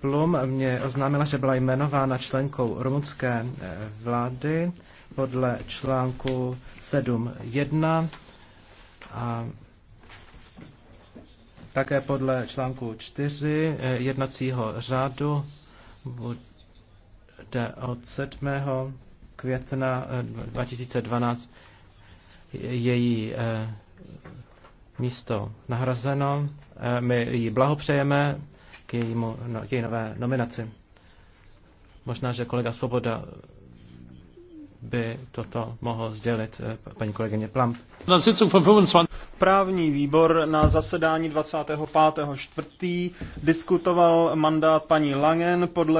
Plum mě oznámila, že byla jmenována členkou rumunské eh, vlády podle článku 7.1 a také podle článku 4 eh, jednacího řádu bude od 7. května 2012 eh, její místo nahrazeno. My jí blahopřejeme k, jejímu, no, k její nové nominaci. Možná, že kolega Svoboda by toto mohl sdělit eh, paní kolegyně Plamp. Právní výbor na zasedání 25.4. diskutoval mandát paní Langen podle